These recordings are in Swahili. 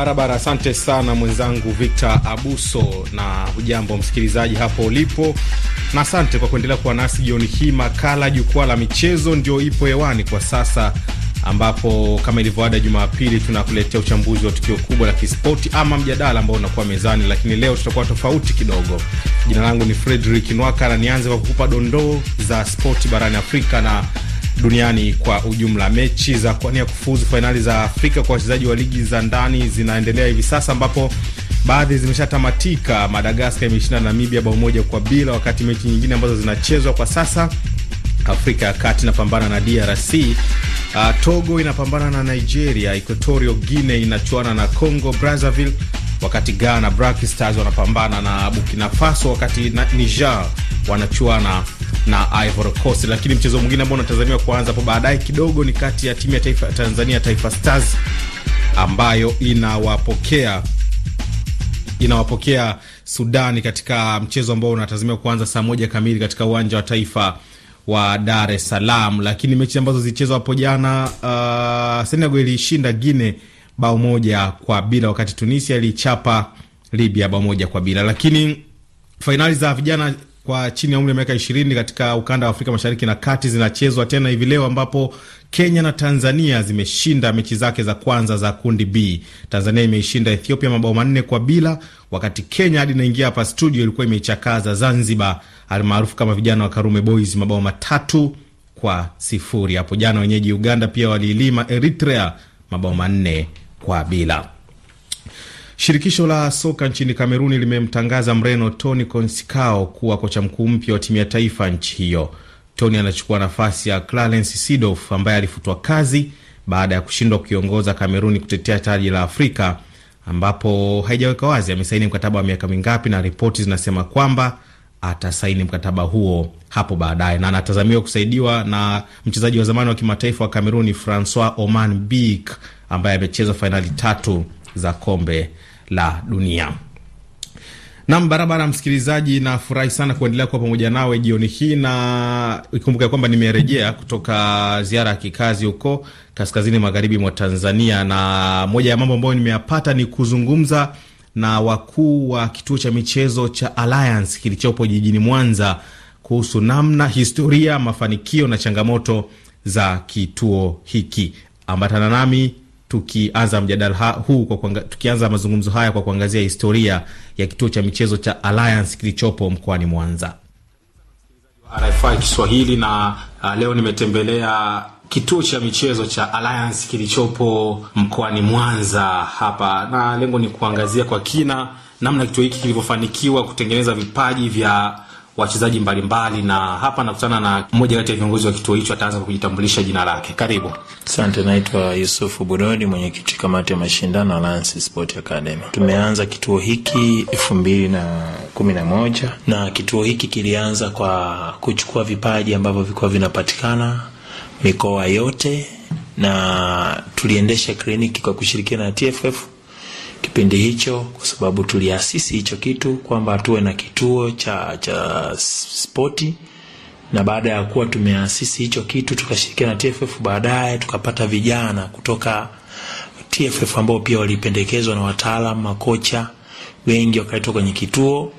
barabara. Asante sana mwenzangu Victor Abuso, na ujambo msikilizaji hapo ulipo, na asante kwa kuendelea kuwa nasi jioni hii. Makala Jukwaa la Michezo ndio ipo hewani kwa sasa, ambapo kama ilivyoada Jumapili tunakuletea uchambuzi wa tukio kubwa la kispoti ama mjadala ambao unakuwa mezani, lakini leo tutakuwa tofauti kidogo. Jina langu ni Fredrick Nwaka na nianze kwa kukupa dondoo za spoti barani Afrika na duniani kwa ujumla. Mechi za kuania kufuzu fainali za Afrika kwa wachezaji wa ligi za ndani zinaendelea hivi sasa ambapo baadhi zimeshatamatika. Madagaskar imeshinda Namibia bao moja kwa bila, wakati mechi nyingine ambazo zinachezwa kwa sasa Afrika ya Kati inapambana na DRC. Uh, ah, Togo inapambana na Nigeria, Equatorial Guinea inachuana na Congo Brazzaville, wakati Ghana Black Stars wanapambana na Burkina Faso, wakati Niger wanachuana na Ivory Coast. Lakini mchezo mwingine ambao unatazamiwa kuanza hapo baadaye kidogo ni kati ya timu ya taifa ya Tanzania, Taifa Stars ambayo inawapokea inawapokea Sudani katika mchezo ambao unatazamiwa kuanza saa moja kamili katika uwanja wa taifa wa Dar es Salaam. Lakini mechi ambazo zilichezwa hapo jana, uh, Senegal ilishinda Guinea bao moja kwa bila, wakati Tunisia ilichapa Libya bao moja kwa bila. Lakini fainali za vijana kwa chini ya umri wa miaka ishirini katika ukanda wa Afrika Mashariki na Kati zinachezwa tena hivi leo ambapo Kenya na Tanzania zimeshinda mechi zake za kwanza za kundi B. Tanzania imeishinda Ethiopia mabao manne kwa bila, wakati Kenya hadi inaingia hapa studio ilikuwa imeichakaza Zanzibar almaarufu kama vijana wa Karume Boys mabao matatu kwa sifuri. Hapo jana wenyeji Uganda pia waliilima Eritrea mabao manne kwa bila. Shirikisho la soka nchini Kameruni limemtangaza Mreno Tony consicao kuwa kocha mkuu mpya wa timu ya taifa nchi hiyo. Tony anachukua nafasi ya Clarence sidof ambaye alifutwa kazi baada ya kushindwa kuiongoza Kameruni kutetea taji la Afrika, ambapo haijaweka wazi amesaini mkataba wa miaka mingapi, na ripoti zinasema kwamba atasaini mkataba huo hapo baadaye, na anatazamiwa kusaidiwa na mchezaji wa zamani wa kimataifa wa Kameruni Francois Oman Bik ambaye amecheza fainali tatu za kombe la dunia. Nam barabara, msikilizaji, nafurahi sana kuendelea kuwa pamoja nawe jioni hii, na ikumbuka kwamba nimerejea kutoka ziara ya kikazi huko kaskazini magharibi mwa Tanzania, na moja ya mambo ambayo nimeyapata ni kuzungumza na wakuu wa kituo cha michezo cha Alliance kilichopo jijini Mwanza kuhusu namna, historia, mafanikio na changamoto za kituo hiki. Ambatana nami tukianza mjadala huu kwa kuanga, tukianza mazungumzo haya kwa kuangazia historia ya kituo cha michezo cha Alliance kilichopo mkoani Mwanza. RFI Kiswahili na uh, leo nimetembelea kituo cha michezo cha Alliance kilichopo mkoani Mwanza hapa, na lengo ni kuangazia kwa kina namna kituo hiki kilivyofanikiwa kutengeneza vipaji vya wachezaji mbalimbali, na hapa nakutana na mmoja kati ya viongozi wa kituo hicho, ataanza kujitambulisha jina lake. Karibu. Asante, naitwa Yusufu Burodi, mwenyekiti kamati ya mashindano Alliance Sport Academy. Tumeanza kituo hiki elfu mbili na kumi na moja na kituo hiki kilianza kwa kuchukua vipaji ambavyo vilikuwa vinapatikana mikoa yote, na tuliendesha kliniki kwa kushirikiana na TFF kipindi hicho, kwa sababu tuliasisi hicho kitu kwamba tuwe na kituo cha, cha spoti na baada ya kuwa tumeasisi hicho kitu tukashirikiana na TFF, baadaye tukapata vijana kutoka TFF ambao pia walipendekezwa na wataalamu makocha wengi wakaitwa kwenye kituo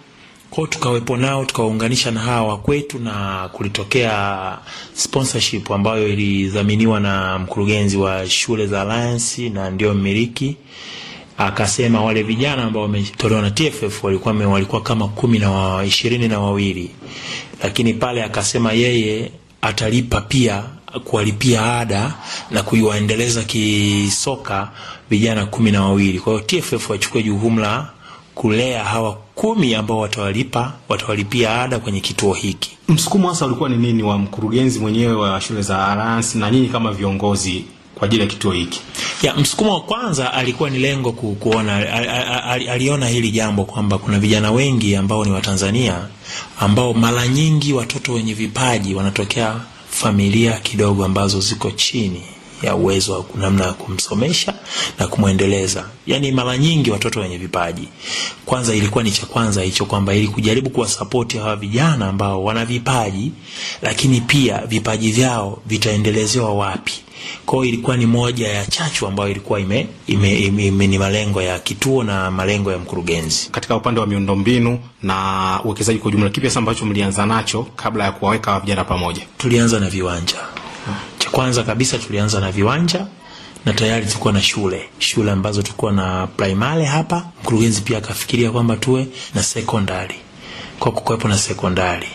kwao, tukawepo nao tukawaunganisha na hawa wa kwetu, na kulitokea sponsorship ambayo ilidhaminiwa na mkurugenzi wa shule za Alliance na ndio mmiliki akasema wale vijana ambao wametolewa na TFF walikuwa walikuwa kama kumi na wa, ishirini na wawili, lakini pale akasema yeye atalipa pia kuwalipia ada na kuiwaendeleza kisoka vijana kumi na wawili. Kwa hiyo TFF wachukue jukumu la kulea hawa kumi ambao watawalipa watawalipia ada kwenye kituo hiki. Msukumo hasa ulikuwa ni nini wa mkurugenzi mwenyewe wa shule za Alliance na nyinyi kama viongozi kwa ajili ya kituo hiki. Ya, msukumo wa kwanza alikuwa ni lengo ku, kuona al, al, al, aliona hili jambo kwamba kuna vijana wengi ambao ni Watanzania ambao mara nyingi watoto wenye vipaji wanatokea familia kidogo ambazo ziko chini ya uwezo wa namna ya kumsomesha na kumwendeleza. Yaani mara nyingi watoto wenye vipaji. Kwanza ilikuwa ni cha kwanza hicho kwamba ili kujaribu kuwasapoti hawa vijana ambao wana vipaji lakini pia vipaji vyao vitaendelezewa wapi? Kwa ilikuwa ni moja ya chachu ambayo ilikuwa ime, ime, ime, ime ni malengo ya kituo na malengo ya mkurugenzi. Katika upande wa miundombinu na uwekezaji kwa ujumla, kipi hasa ambacho mlianza nacho kabla ya kuwaweka vijana pamoja? Tulianza na viwanja. Cha kwanza kabisa tulianza na viwanja na tayari tulikuwa na shule shule ambazo tulikuwa na primary hapa. Mkurugenzi pia akafikiria kwamba tuwe na sekondari, kwa kukuwepo na sekondari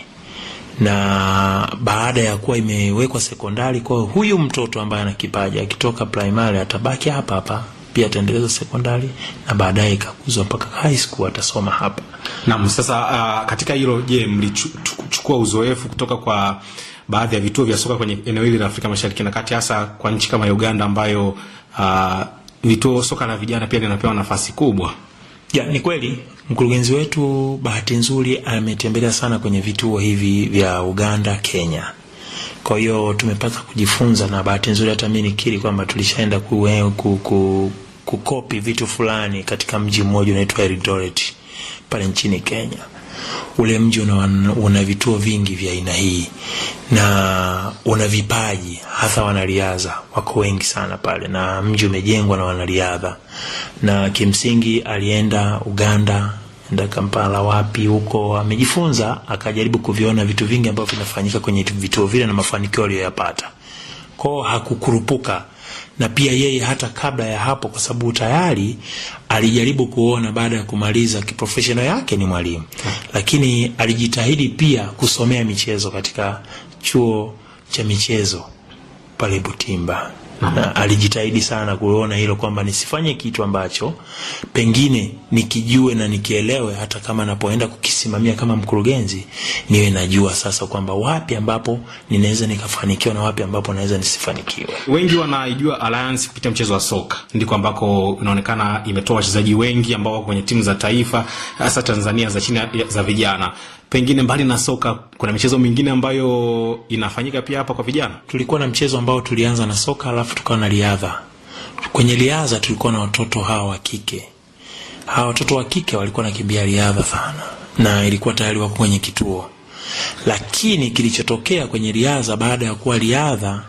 na baada ya kuwa imewekwa sekondari, kwa huyu mtoto ambaye ana kipaji akitoka primary atabaki hapa hapa pia ataendeleza sekondari na baadaye ikakuzwa mpaka high school atasoma hapa. Naam, sasa uh, katika hilo je, mlichukua uzoefu kutoka kwa baadhi ya vituo vya soka kwenye eneo hili la Afrika Mashariki na Kati, hasa kwa nchi kama Uganda ambayo uh, vituo soka la vijana pia linapewa nafasi kubwa? Ya, ni kweli Mkurugenzi wetu bahati nzuri ametembelea sana kwenye vituo hivi vya Uganda, Kenya. Kwa hiyo tumepata kujifunza, na bahati nzuri hata mimi nikiri kwamba tulishaenda kukopi vitu fulani katika mji mmoja unaitwa Eldoret pale nchini Kenya ule mji una, una vituo vingi vya aina hii na una vipaji hasa wanariadha wako wengi sana pale, na mji umejengwa na wanariadha. Na kimsingi alienda Uganda, enda Kampala, wapi huko, amejifunza akajaribu kuviona vitu vingi ambavyo vinafanyika kwenye vituo vile na mafanikio aliyoyapata kwao, hakukurupuka na pia yeye hata kabla ya hapo, kwa sababu tayari alijaribu kuona baada ya kumaliza kiprofessional yake ni mwalimu, lakini alijitahidi pia kusomea michezo katika chuo cha michezo pale Butimba. alijitahidi sana kuona hilo kwamba nisifanye kitu ambacho pengine nikijue na nikielewe, hata kama napoenda kukisimamia kama mkurugenzi, niwe najua sasa kwamba wapi ambapo ninaweza nikafanikiwa na wapi ambapo naweza nisifanikiwe. Wengi wanaijua Alliance kupitia mchezo wa soka, ndiko ambako inaonekana imetoa wachezaji wengi ambao wako kwenye timu za taifa, hasa Tanzania za chini za vijana. Pengine mbali na soka, kuna michezo mingine ambayo inafanyika pia hapa kwa vijana? Tulikuwa na mchezo ambao tulianza na soka, alafu tukawa na riadha. Kwenye riadha tulikuwa na watoto hawa wa kike, hawa watoto wa kike walikuwa nakimbia riadha sana, na ilikuwa tayari wako kwenye kituo, lakini kilichotokea kwenye riadha, baada ya kuwa riadha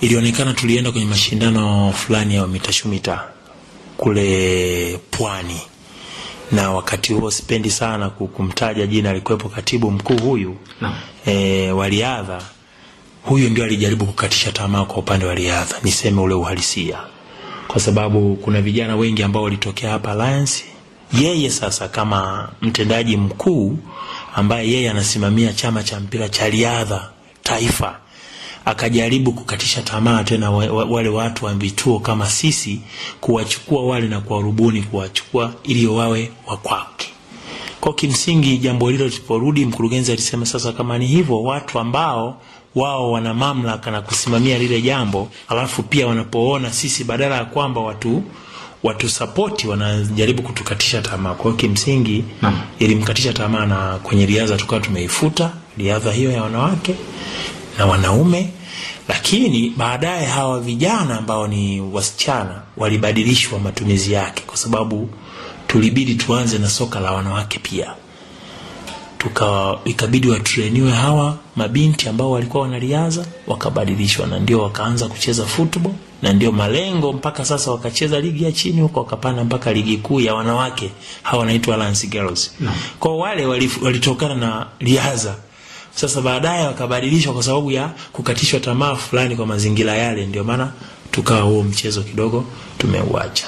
ilionekana tulienda kwenye mashindano fulani ya mitashumita kule Pwani na wakati huo sipendi sana kumtaja jina, alikuwepo katibu mkuu huyu e, wa riadha huyu ndio alijaribu kukatisha tamaa kwa upande wa riadha, niseme ule uhalisia, kwa sababu kuna vijana wengi ambao walitokea hapa Alliance. Yeye sasa kama mtendaji mkuu ambaye yeye anasimamia chama cha mpira cha riadha taifa akajaribu kukatisha tamaa tena wale watu wa vituo kama sisi, kuwachukua wale na kuwarubuni kuwachukua ili wawe wa kwake. Kwa kimsingi, jambo hilo tuliporudi, mkurugenzi alisema sasa, kama ni hivyo, watu ambao wao wana mamlaka na kusimamia lile jambo, alafu pia wanapoona sisi badala ya kwamba watu watusapoti wanajaribu kutukatisha tamaa. Kwa hiyo kimsingi ilimkatisha tamaa, na kwenye riadha tukawa tumeifuta riadha hiyo ya wanawake na wanaume, lakini baadaye hawa vijana ambao ni wasichana walibadilishwa matumizi yake, kwa sababu tulibidi tuanze na soka la wanawake pia, tukawa ikabidi watreniwe hawa mabinti ambao walikuwa wanariadha, wakabadilishwa na ndio wakaanza kucheza football, na ndio malengo mpaka sasa, wakacheza ligi ya chini huko, wakapanda mpaka ligi kuu ya wanawake, hawa wanaitwa Lance Girls. Kwa wale walitokana na riadha sasa baadaye wakabadilishwa kwa sababu ya kukatishwa tamaa fulani kwa mazingira yale, ndio maana tukawa huo mchezo kidogo tumeuacha.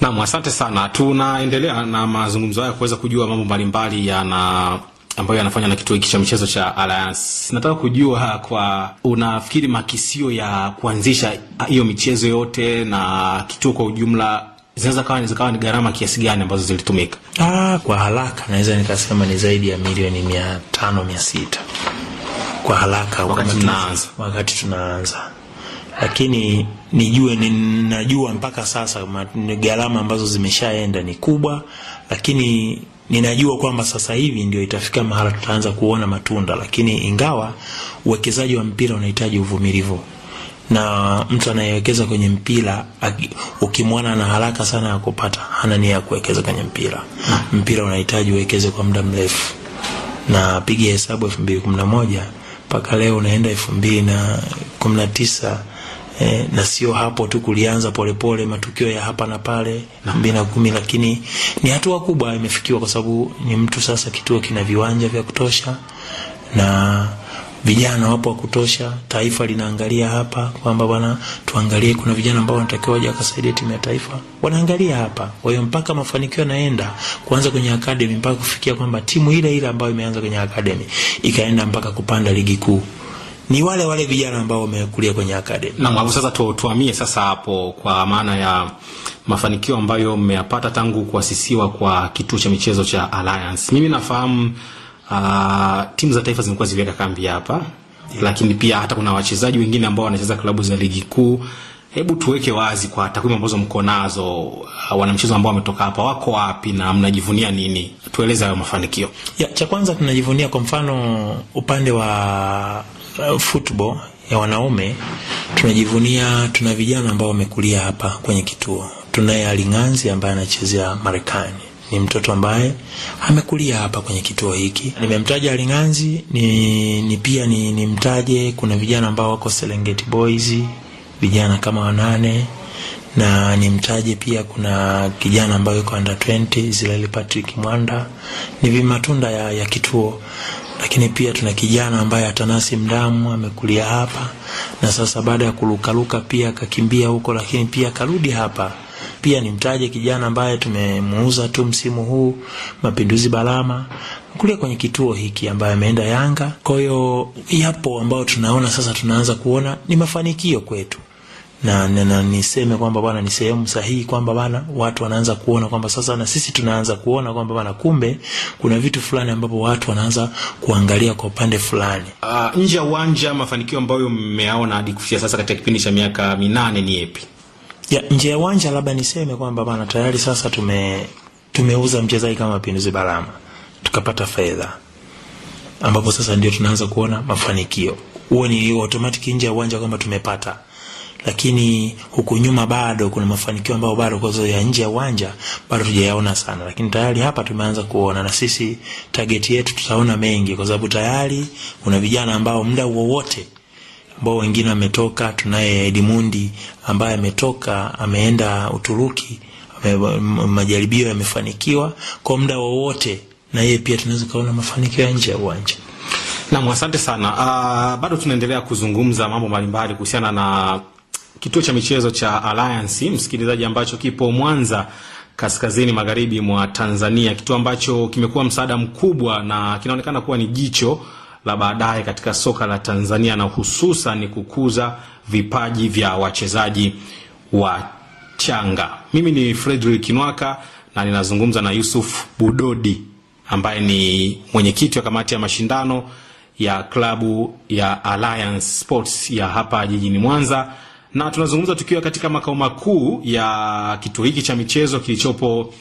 Naam, asante sana. Tunaendelea na mazungumzo haya kuweza kujua mambo mbalimbali yana ambayo yanafanywa na kituo hiki cha michezo cha Alliance. Nataka kujua kwa unafikiri makisio ya kuanzisha hiyo michezo yote na kituo kwa ujumla zinaweza kawa zikawa ni gharama kiasi gani ambazo zilitumika? Ah, kwa haraka naweza nikasema ni zaidi ya milioni mia tano mia sita kwa haraka wakati tunaanza, wakati tunaanza lakini nijue ninajua mpaka sasa gharama ambazo zimeshaenda ni kubwa, lakini ninajua kwamba sasa hivi ndio itafika mahala tutaanza kuona matunda, lakini ingawa uwekezaji wa mpira unahitaji uvumilivu na mtu anayewekeza kwenye mpira ukimwona na haraka sana ya kupata, hana nia ya kuwekeza kwenye mpira. Mpira unahitaji uwekeze kwa muda mrefu, na piga hesabu elfu mbili kumi na moja mpaka leo unaenda elfu mbili na kumi na tisa eh, na sio hapo tu, kulianza polepole pole, matukio ya hapa na pale elfu mbili na kumi lakini ni hatua kubwa imefikiwa, kwa sababu ni mtu sasa, kituo kina viwanja vya kutosha na vijana wapo wa kutosha, taifa linaangalia hapa kwamba bwana, tuangalie kuna vijana ambao wanatakiwa waje wakasaidia timu ya taifa, wanaangalia hapa. Kwa hiyo mpaka mafanikio yanaenda kuanza kwenye akademi mpaka kufikia kwamba timu ile ile ambayo imeanza kwenye akademi ikaenda mpaka kupanda ligi kuu ni wale wale vijana ambao wamekulia kwenye akademi Na hapo sasa tu, sasa hapo kwa maana ya mafanikio ambayo mmeyapata tangu kuasisiwa kwa kituo cha michezo cha Alliance. Mimi nafahamu uh, timu za taifa zimekuwa ziweka kambi hapa yeah. Lakini pia hata kuna wachezaji wengine ambao wanacheza klabu za ligi kuu. Hebu tuweke wazi kwa takwimu ambazo mko nazo, ah, wanamchezo ambao wametoka hapa wako wapi na mnajivunia nini? Tueleze hayo mafanikio. ya. cha kwanza tunajivunia kwa mfano upande wa uh, football ya wanaume tunajivunia, tuna vijana ambao wamekulia hapa kwenye kituo. Tunaye Alinganzi ambaye anachezea Marekani ni mtoto ambaye amekulia hapa kwenye kituo hiki. Nimemtaja Aling'anzi ni, ni pia ni, mtaje kuna vijana ambao wako Serengeti Boys vijana kama wanane na nimtaje pia kuna kijana ambaye yuko under 20 Israel Patrick Mwanda. Ni vimatunda ya, ya kituo lakini pia tuna kijana ambaye Atanasi Mdamu amekulia hapa na sasa baada ya kulukaluka pia akakimbia huko, lakini pia karudi hapa. Pia nimtaje kijana ambaye tumemuuza tu msimu huu, Mapinduzi Balama kulia kwenye kituo hiki ambaye ameenda Yanga. Kwa hiyo yapo ambayo tunaona sasa, tunaanza kuona ni mafanikio kwetu na, na, na niseme kwamba bwana ni sehemu sahihi kwamba bwana watu wanaanza kuona kwamba sasa na sisi tunaanza kuona kwamba bwana kumbe kuna vitu fulani ambapo watu wanaanza kuangalia kwa upande fulani. Uh, nje ya uwanja mafanikio ambayo mmeaona hadi kufikia sasa katika kipindi cha miaka minane ni yapi? Ya, nje ya uwanja labda niseme kwamba bwana tayari sasa tume tumeuza mchezaji kama Mapinduzi Balama tukapata fedha ambapo sasa ndio tunaanza kuona mafanikio. Huo ni automatic nje ya uwanja kwamba tumepata lakini huku nyuma bado kuna mafanikio ambayo bado kwazo ya nje ya uwanja bado tujayaona sana, lakini tayari hapa tumeanza kuona, na sisi target yetu tutaona mengi, kwa sababu tayari kuna vijana ambao muda wowote ambao wengine wametoka. Tunaye Edmundi ambaye ametoka ameenda Uturuki, majaribio yamefanikiwa. Kwa muda wowote na yeye pia tunaweza kuona mafanikio ya nje ya uwanja. Naam, asante sana. Uh, bado tunaendelea kuzungumza mambo mbalimbali kuhusiana na kituo cha michezo cha Alliance msikilizaji, ambacho kipo Mwanza kaskazini magharibi mwa Tanzania, kituo ambacho kimekuwa msaada mkubwa na kinaonekana kuwa ni jicho la baadaye katika soka la Tanzania na hususan kukuza vipaji vya wachezaji wa changa Mimi ni Fredrick Nwaka na ninazungumza na Yusuf Budodi ambaye ni mwenyekiti wa kamati ya mashindano ya klabu ya Alliance Sports ya hapa jijini Mwanza na tunazungumza tukiwa katika makao makuu ya kituo hiki cha michezo kilichopo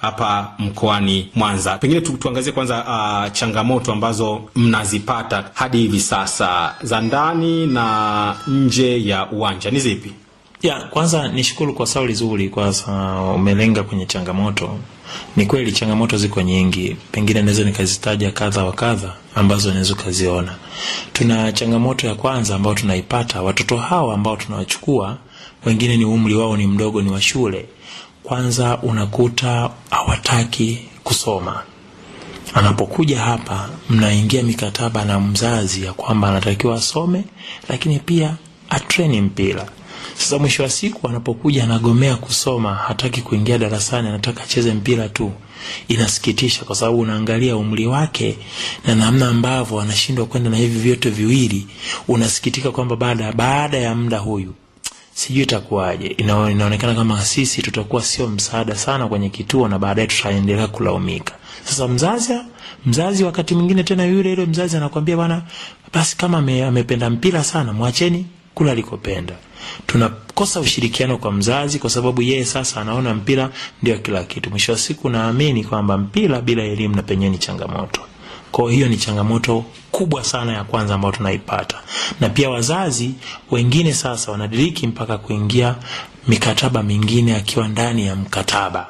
hapa mkoani Mwanza. Pengine tu, tuangazie kwanza uh, changamoto ambazo mnazipata hadi hivi sasa za ndani na nje ya uwanja ni zipi? Ya, kwanza nishukuru kwa swali zuri, kwa sababu umelenga kwenye changamoto. Ni kweli changamoto ziko nyingi, pengine naweza nikazitaja kadha wa kadha ambazo naweza ukaziona. Tuna changamoto ya kwanza ambayo tunaipata, watoto hawa ambao tunawachukua, wengine ni umri wao ni mdogo, ni wa shule. Kwanza unakuta hawataki kusoma anapokuja hapa, mnaingia mikataba na mzazi ya kwamba anatakiwa asome, lakini pia atreni mpira sasa mwisho wa siku anapokuja anagomea kusoma, hataki kuingia darasani, anataka acheze mpira tu. Inasikitisha kwa sababu unaangalia umri wake na namna ambavyo anashindwa kwenda na hivi vyote viwili, unasikitika kwamba baada baada ya muda huyu sijui itakuwaje. inaonekana kama sisi tutakuwa sio msaada sana kwenye kituo na baadaye tutaendelea kulaumika. Sasa mzazi mzazi wakati mwingine tena yule ile mzazi anakwambia bwana, basi kama amependa mpira sana, mwacheni kule alikopenda. Tunakosa ushirikiano kwa mzazi, kwa sababu yeye sasa anaona mpira ndio kila kitu. Mwisho wa siku, naamini kwamba mpira bila elimu na penyewe ni changamoto. Kwa hiyo ni changamoto kubwa sana ya kwanza ambayo tunaipata, na pia wazazi wengine sasa wanadiriki mpaka kuingia mikataba mingine, akiwa ndani ya mkataba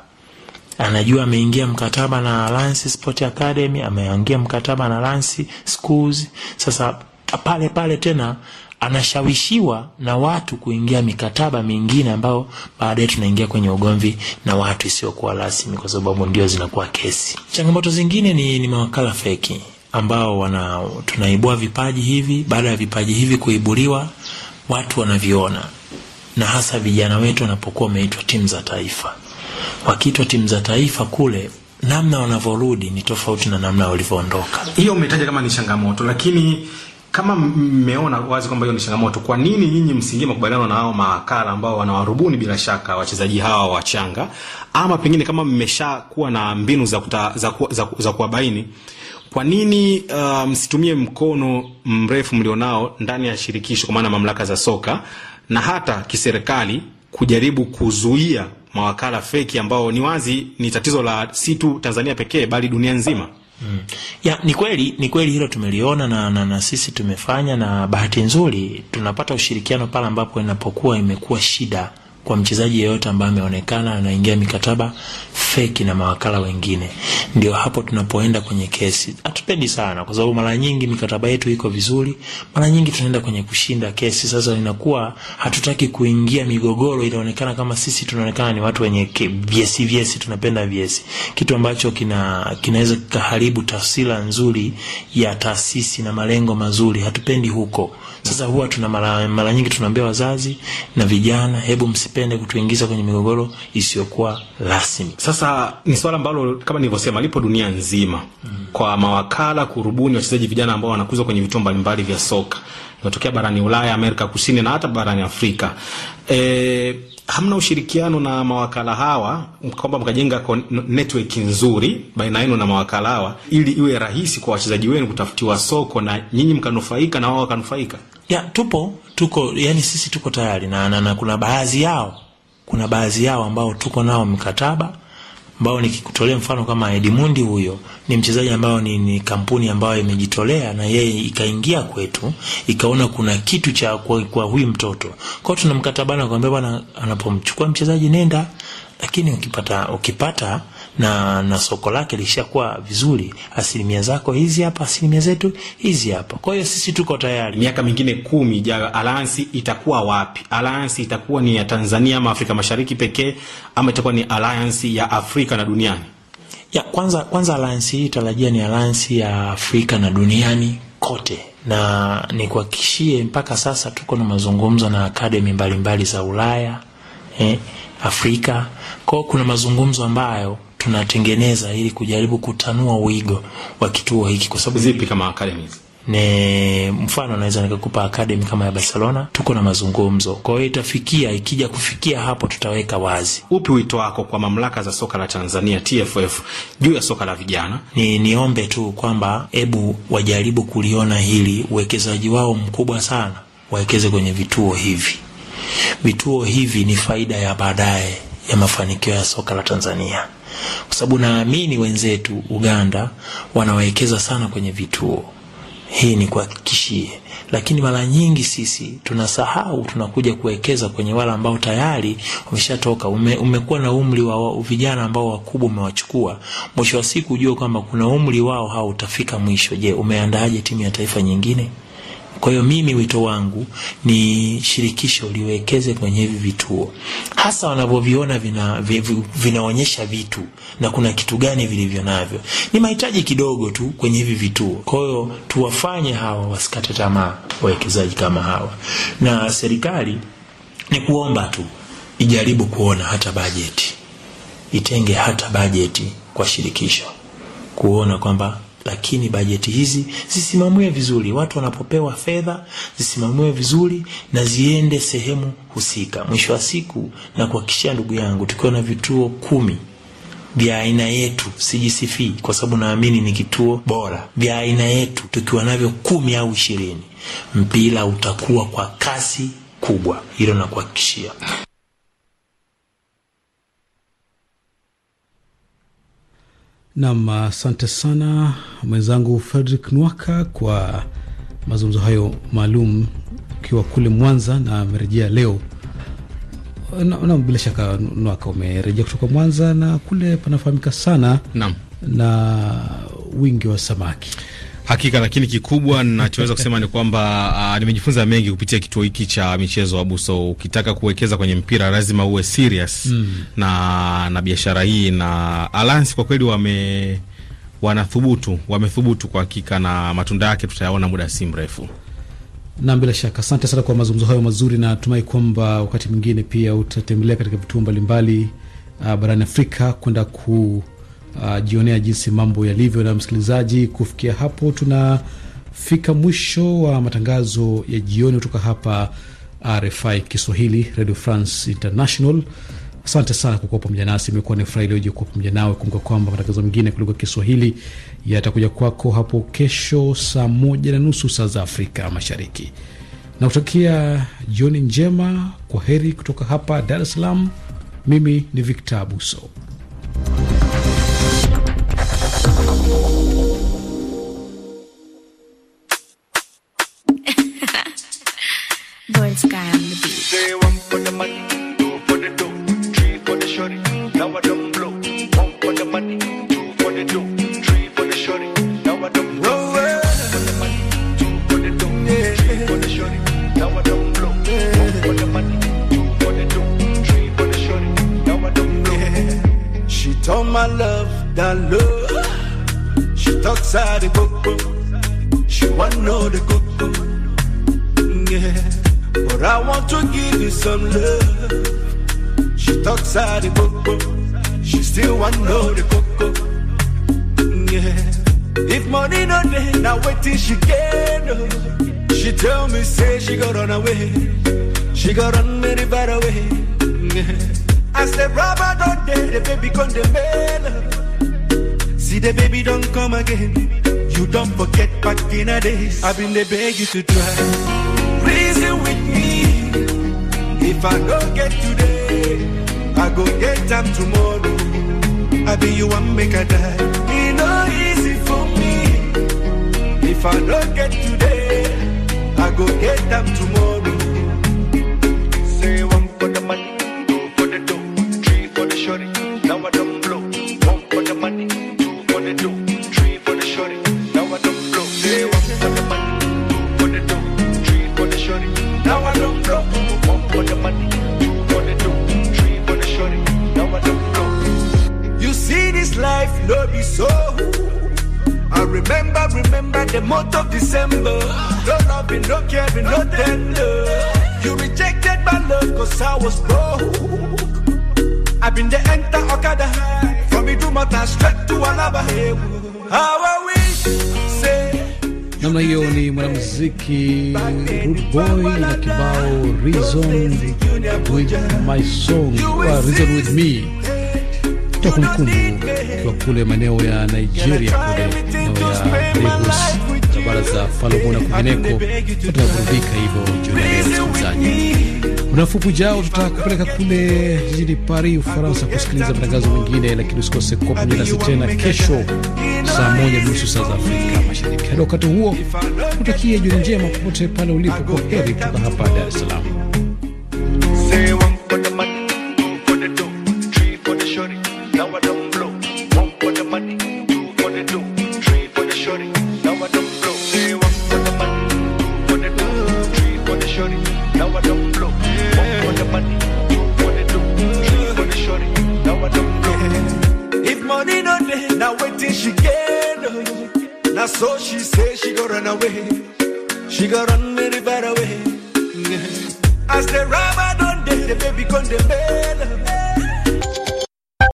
anajua ameingia mkataba na Lance Sport Academy, ameingia mkataba na Lance Schools. Sasa pale pale tena anashawishiwa na watu kuingia mikataba mingine ambao baadaye tunaingia kwenye ugomvi na watu isiyokuwa rasmi, kwa sababu ndio zinakuwa kesi. Changamoto zingine ni, ni mawakala feki ambao wana tunaibua vipaji hivi, baada ya vipaji hivi kuibuliwa watu wanaviona, na hasa vijana wetu wanapokuwa wameitwa timu za taifa. Wakiitwa timu za taifa kule namna wanavyorudi ni tofauti na namna walivyoondoka. Hiyo umetaja kama ni changamoto, lakini kama mmeona wazi kwamba hiyo ni changamoto, kwa nini nyinyi msiingie makubaliano na hao mawakala ambao wanawarubuni bila shaka wachezaji hawa wachanga, ama pengine kama mmeshakuwa na mbinu za, kuta, za, ku, za, za kuwabaini kwa nini uh, msitumie mkono mrefu mlionao ndani ya shirikisho, kwa maana mamlaka za soka na hata kiserikali kujaribu kuzuia mawakala feki ambao ni wazi ni tatizo la si tu Tanzania pekee bali dunia nzima? Mm. Ya, ni kweli ni kweli hilo tumeliona na, na, na sisi tumefanya na bahati nzuri tunapata ushirikiano pale ambapo inapokuwa imekuwa shida kwa mchezaji yeyote ambaye ameonekana anaingia mikataba feki na mawakala wengine. Ndio hapo tunapoenda kwenye kesi. Hatupendi sana kwa sababu mara nyingi mikataba yetu iko vizuri, mara nyingi tunaenda kwenye kushinda kesi. Sasa inakuwa hatutaki kuingia migogoro, inaonekana kama sisi tunaonekana ni watu wenye vyesi vyesi, tunapenda vyesi, kitu ambacho kina kinaweza kikaharibu taswira nzuri ya taasisi na malengo mazuri. Hatupendi huko. Sasa huwa tuna mara, mara nyingi tunaambia wazazi na vijana, hebu msipende kutuingiza kwenye migogoro isiyokuwa rasmi. Sasa ni swala ambalo kama nilivyosema lipo dunia nzima mm. kwa mawakala kurubuni wachezaji vijana ambao wanakuzwa kwenye vituo mbalimbali vya soka, inatokea barani Ulaya, Amerika Kusini na hata barani Afrika e, hamna ushirikiano na mawakala hawa kwamba mkajenga network nzuri baina yenu na mawakala hawa ili iwe rahisi kwa wachezaji wenu kutafutiwa soko na nyinyi mkanufaika na wao wakanufaika? ya tupo tuko yani sisi tuko tayari na, na, na kuna baadhi yao kuna baadhi yao ambao tuko nao mkataba ambao nikikutolea mfano kama Edmundi huyo ni mchezaji ambao ni, ni kampuni ambayo imejitolea na yeye ikaingia kwetu ikaona kuna kitu cha kwa, kwa huyu mtoto. Kwa hiyo tuna mkataba na kwambia bwana, anapomchukua mchezaji nenda, lakini ukipata ukipata na, na soko lake lishakuwa vizuri, asilimia zako hizi hapa, asilimia zetu hizi hapa. Kwa hiyo sisi tuko tayari. Miaka mingine kumi ijayo alliance itakuwa wapi? Alliance itakuwa ni ya Tanzania ama Afrika Mashariki pekee ama itakuwa ni alliance ya Afrika na duniani? Ya, kwanza kwanza alliance hii tarajia ni alliance ya Afrika na duniani kote na nikuhakikishie, mpaka sasa tuko na mazungumzo na akademi mbalimbali za Ulaya eh, Afrika Kwa kuna mazungumzo ambayo tunatengeneza ili kujaribu kutanua wigo wa kituo hiki, kwa sababu zipi kama academies ni mfano naweza nikakupa academy kama ya Barcelona, tuko na mazungumzo. Kwa hiyo itafikia, ikija kufikia hapo tutaweka wazi. Upi wito wako kwa mamlaka za soka la Tanzania TFF juu ya soka la vijana? Ni niombe tu kwamba hebu wajaribu kuliona hili, uwekezaji wao mkubwa sana wawekeze kwenye vituo hivi. Vituo hivi ni faida ya baadaye ya mafanikio ya soka la Tanzania, kwa sababu naamini wenzetu Uganda wanawekeza sana kwenye vituo, hii ni kuhakikishie. Lakini mara nyingi sisi tunasahau, tunakuja kuwekeza kwenye wale ambao tayari wameshatoka. Ume, umekuwa na umri wa vijana ambao wakubwa umewachukua, mwisho wa siku ujue kwamba kuna umri wao hao utafika mwisho. Je, umeandaaje timu ya taifa nyingine? Kwa hiyo mimi wito wangu ni shirikisho liwekeze kwenye hivi vituo, hasa wanavyoviona vina, vinaonyesha vitu na kuna kitu gani vilivyo navyo. Ni mahitaji kidogo tu kwenye hivi vituo. Kwa hiyo tuwafanye hawa wasikate tamaa, wawekezaji kama hawa, na serikali ni kuomba tu ijaribu kuona hata bajeti itenge hata bajeti kwa shirikisho kuona kwamba lakini bajeti hizi zisimamiwe vizuri, watu wanapopewa fedha zisimamiwe vizuri na ziende sehemu husika. Mwisho wa siku, na kuhakikishia ndugu yangu, tukiwa na vituo kumi vya aina yetu, sijisifii kwa sababu naamini ni kituo bora, vya aina yetu, tukiwa navyo kumi au ishirini, mpira utakuwa kwa kasi kubwa, hilo nakuhakikishia. Nam, asante sana mwenzangu Fredrick Nwaka kwa mazungumzo hayo maalum ukiwa kule Mwanza na amerejea leo. Nam na, bila shaka Nwaka umerejea kutoka Mwanza na kule panafahamika sana na, na wingi wa samaki. Hakika, lakini kikubwa nachoweza kusema ni kwamba uh, nimejifunza mengi kupitia kituo hiki cha michezo Abuso. Ukitaka kuwekeza kwenye mpira lazima uwe serious mm. na, na biashara hii na Alliance kwa kweli wame wanathubutu wamethubutu kwa hakika, na matunda yake tutayaona muda si mrefu. na bila shaka, asante sana kwa mazungumzo hayo mazuri, na natumai kwamba wakati mwingine pia utatembelea katika vituo mbalimbali uh, barani Afrika kwenda ku uh, jionea jinsi mambo yalivyo. Na msikilizaji, kufikia hapo tunafika mwisho wa matangazo ya jioni kutoka hapa RFI Kiswahili, Radio France International. Asante sana kwa kuwa pamoja nasi, imekuwa ni furaha iliyoje kuwa pamoja nawe. Kumbuka kwamba matangazo mengine kwa lugha ya Kiswahili yatakuja kwako hapo kesho saa moja na nusu saa za Afrika Mashariki. Nakutakia jioni njema. Kwa heri kutoka hapa Dar es Salaam. Mimi ni Victor Abuso. Thank you. She got run the bad away. I said, Brother, don't dare the baby come the mail. See the baby don't come again. You don't forget back in a days. I've been the beg you to try. Reason with me. If I don't get today, I go get time tomorrow. I be you one make a die. It no easy for me. If I don't get today, I go get time tomorrow. life no be so. I remember, remember the month of December. No loving, no caring, no tender. You rejected my love cause I was broke. i have been the enter Okada me From Idumota straight to Alaba. How I wish, say. Namna hiyo ni mwanamuziki Rude Boy na kibao Reason with my song, Reason with me kumbukumbu kwa kule maeneo ya Nigeria kule maeneo ya Lagos, barabara za Falomo na kwingineko. tutaburudika hivyo jioni ya leo, msikilizaji. Muda mfupi ujao tutakupeleka kule jijini Paris, Ufaransa, kusikiliza matangazo mengine, lakini usikose kuwa pamoja nasi tena kesho saa moja nusu saa za Afrika Mashariki. Hadi wakati huo, tutakie jioni njema popote pale ulipo. Kwa heri kutoka hapa Dar es Salaam.